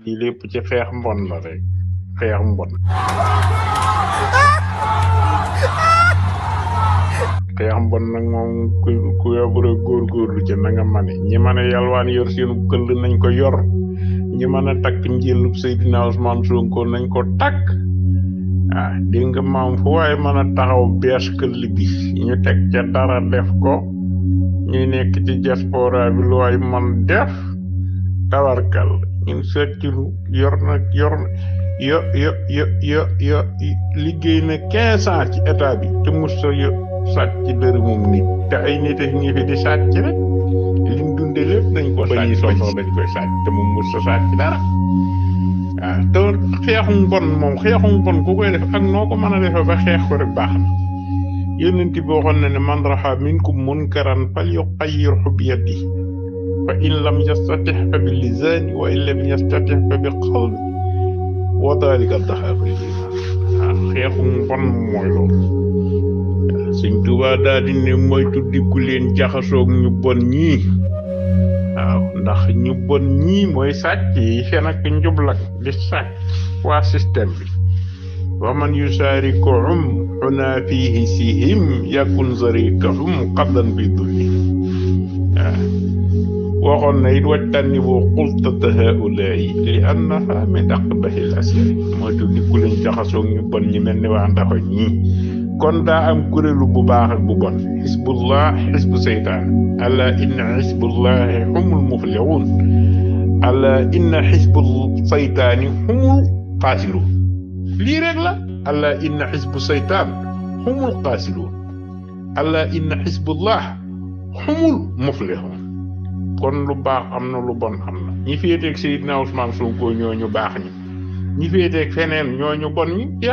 lii lépp ci xeex mbon la rek xeex mbon xeex mbon nag moom ku ku yobure góorgóorlu ci ñi mën a yalwaan yor seenu këll nañ ko yor ñi mën a takk njëllub Seydina Ousmane Sonko nañ ko takk ah dégg maam fu waaye mën taxaw bees këll bi ñu teg ca dara def ko ñuy nekk ci diaspora lu waay mën def tawarkal ñu ngi seetlu yor na yor yo liggéey na quinze ans ci état bi te mos a ci dër moom nit te ay nit ak ñi fi di sàcc rek liñ dundee lépp nañ ko sàcc bañ soxla te moom mos a sàcc dara waaw te xeexum bon moom xeexum bon ku koy def ak noo ko mën a defee ba xeex ko rek baax na yonent bi waxoon na ne man raxa minkum munkaran fal yuqayyirhu bi yadihi fa in la yastatix fa bi lisaani wa in lam yastatix fa bi qalbi wa dalika ne moytu diggu leen jaxasoog ñu bon ñii waaw ndax ñu bon ñii mooy sàcc yi seen ak njublak di sàcc waa système bi wa man yusaarikuhum xunaa fiihi sihim yakun zarikahum qadan bi dulli waxoon na it wajtanibu xultata haulaayi li annaha min aqbahil askari moytu ni ku leen jaxasoog ñu bon ñi mel ni waa ndafa ñi kon daa am kuréelu bu baax ak bu bon xisbullah xisbu seytaan ala inna xisbullahi humul muflixuun ala inna xisbu seytaani humul xaasiruun lii rek la ala inna xisbu seytaan humul kon lu baax am na lu bon am na ñi féeteeg Seydina Ousmane Sonko ñoo ñu baax ñi ñi féeteeg feneen ñoo ñu bon ñi